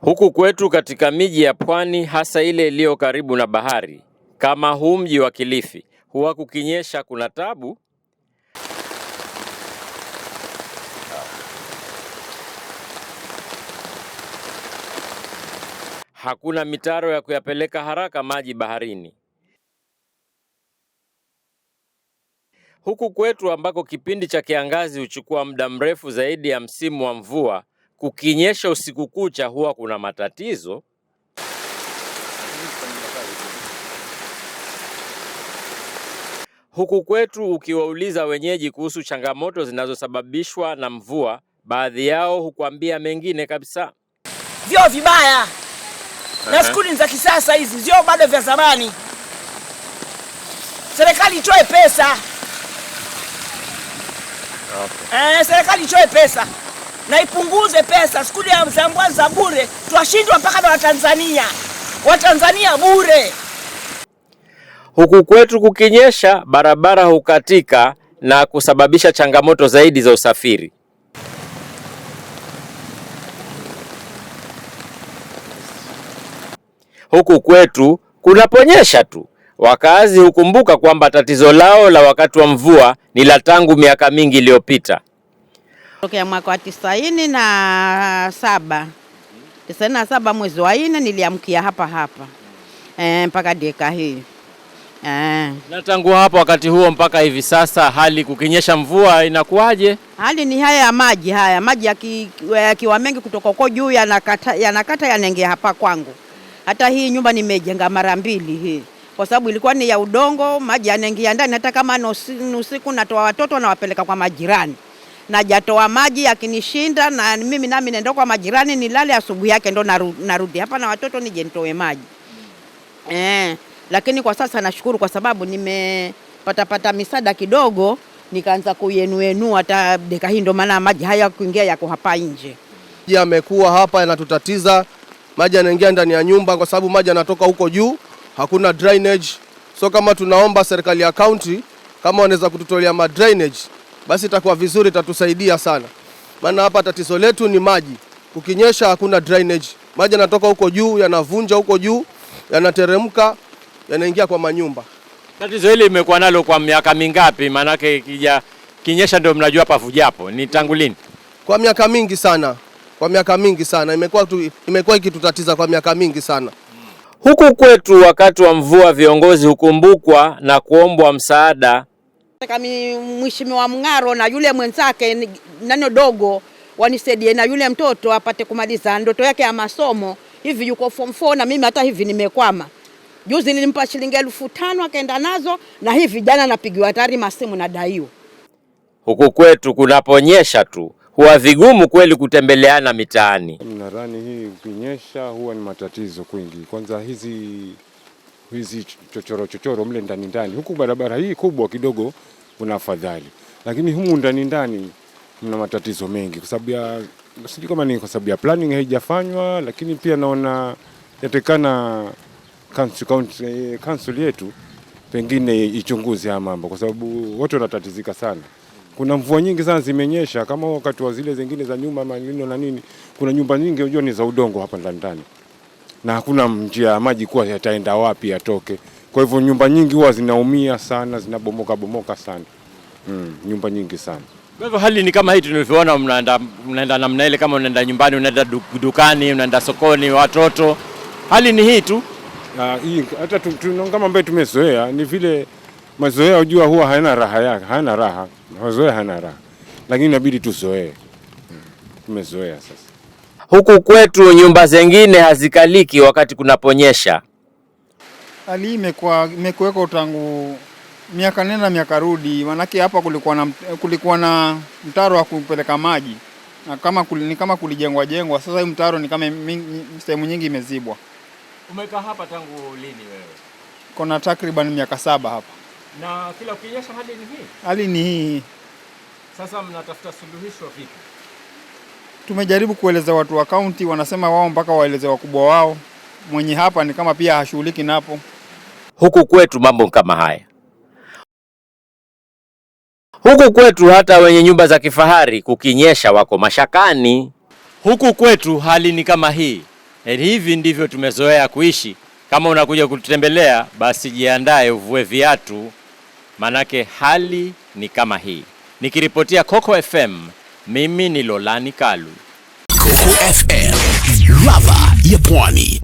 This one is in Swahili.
Huku kwetu katika miji ya pwani hasa ile iliyo karibu na bahari kama huu mji wa Kilifi, huwa kukinyesha kuna tabu. Hakuna mitaro ya kuyapeleka haraka maji baharini. Huku kwetu ambako kipindi cha kiangazi huchukua muda mrefu zaidi ya msimu wa mvua, kukinyesha usiku kucha huwa kuna matatizo. Huku kwetu ukiwauliza wenyeji kuhusu changamoto zinazosababishwa na mvua, baadhi yao hukwambia mengine kabisa. Vyoo vibaya na skuli za kisasa hizi, vyoo bado vya zamani. Serikali itoe pesa okay. Eh, serikali ichoe pesa na ipunguze pesa skuli ya mbwa za bure, twashindwa mpaka na Watanzania, Watanzania bure. Huku kwetu kukinyesha, barabara hukatika na kusababisha changamoto zaidi za usafiri. Huku kwetu kunaponyesha tu Wakazi hukumbuka kwamba tatizo lao la wakati wa mvua ni la tangu miaka mingi iliyopita, tokea mwaka wa tisaini na saba tisaini na saba mwezi wa nne niliamkia hapa hapa eh, mpaka e, deka hii e. Na tangu hapo wakati huo mpaka hivi sasa, hali kukinyesha mvua inakuwaje? Hali ni haya ya maji, haya maji yakiwa mengi kutoka huko juu yanakata yanakata yanaingia hapa kwangu. Hata hii nyumba nimejenga mara mbili hii kwa sababu ilikuwa ni ya udongo, maji yanaingia ndani. Hata kama ni usiku, natoa watoto nawapeleka kwa majirani, najatoa maji akinishinda, na mimi nami naenda kwa majirani nilale, asubuhi yake ndo narudi hapa na watoto nije nitoe maji eh. Lakini kwa sasa nashukuru kwa sababu nimepatapata misaada kidogo, nikaanza kuyenuenua hata deka hii, ndo maana maji haya kuingia yako hapa nje yamekuwa hapa yanatutatiza, maji yanaingia ndani ya nyumba kwa sababu maji yanatoka huko juu hakuna drainage. So kama tunaomba serikali ya kaunti kama wanaweza kututolea ma drainage, basi itakuwa vizuri, itatusaidia sana, maana hapa tatizo letu ni maji. Kukinyesha hakuna drainage, maji yanatoka huko juu, yanavunja huko juu, yanateremka, yanaingia kwa manyumba. Tatizo hili imekuwa nalo kwa miaka mingapi? Maanake kija kinyesha ndio mnajua pavujapo ni tangu lini? Kwa miaka mingi sana, kwa miaka mingi sana imekuwa ikitutatiza kwa miaka mingi sana. Huku kwetu wakati wa mvua viongozi hukumbukwa na kuombwa msaada. Kama Mheshimiwa Mng'aro na yule mwenzake nano dogo wanisaidie na yule mtoto apate kumaliza ndoto yake ya masomo, hivi yuko form 4 na mimi hata hivi nimekwama. Juzi nilimpa shilingi elfu tano akaenda nazo, na hivi jana napigiwa hatari masimu na daiwa. Huku kwetu kunaponyesha tu huwa vigumu kweli kutembeleana mitaani. Nadhani hii ukinyesha huwa ni matatizo kwingi, kwanza hizi hizi chochoro chochoro mle ndani ndani, huku barabara hii kubwa kidogo kuna afadhali, lakini humu ndani ndani mna matatizo mengi, kwa sababu ya sijui kama ni kwa sababu ya planning haijafanywa, lakini pia naona yatekana eh, council yetu pengine ichunguze haya mambo, kwa sababu watu wanatatizika sana kuna mvua nyingi sana zimenyesha, kama wakati wa zile zingine za nyuma malino na nini. Kuna nyumba nyingi unajua ni za udongo hapa ndani ndani, na hakuna njia ya maji kuwa yataenda wapi yatoke. Kwa hivyo nyumba nyingi huwa zinaumia sana, zinabomoka bomoka sana mm, nyumba nyingi sana. Kwa hivyo hali ni kama hii tunavyoona, mnaenda mnaenda namna ile, kama unaenda nyumbani, unaenda dukani, unaenda sokoni, watoto, hali ni hii tu. hii hata kama ambayo tumezoea ni vile mazoea ujua huwa haina raha yake, haina raha mazoea, haina raha lakini inabidi tuzoee, tumezoea sasa. Huku kwetu nyumba zengine hazikaliki wakati kunaponyesha. Hali imekuwa imekuweko tangu miaka nenda miaka rudi, manake hapa kulikuwa na, kulikuwa na mtaro wa kupeleka maji na kama kul, ni kama kulijengwa jengwa. Sasa hii mtaro ni kama sehemu nyingi imezibwa. Umekaa hapa tangu lini wewe? Kuna takriban miaka saba hapa. Na kila ukinyesha hali ni hii, hali ni hii. Sasa mnatafuta suluhisho vipi? Tumejaribu kueleza watu wa kaunti, wanasema wao mpaka waeleze wakubwa wao, mwenye hapa ni kama pia hashughuliki napo. Huku kwetu mambo kama haya huku kwetu hata wenye nyumba za kifahari kukinyesha wako mashakani. Huku kwetu hali ni kama hii, hivi ndivyo tumezoea kuishi. Kama unakuja kututembelea, basi jiandae uvue viatu manake hali ni kama hii. Nikiripotia Coco FM, mimi ni Lolani Kalu. Coco FM, ladha ya Pwani.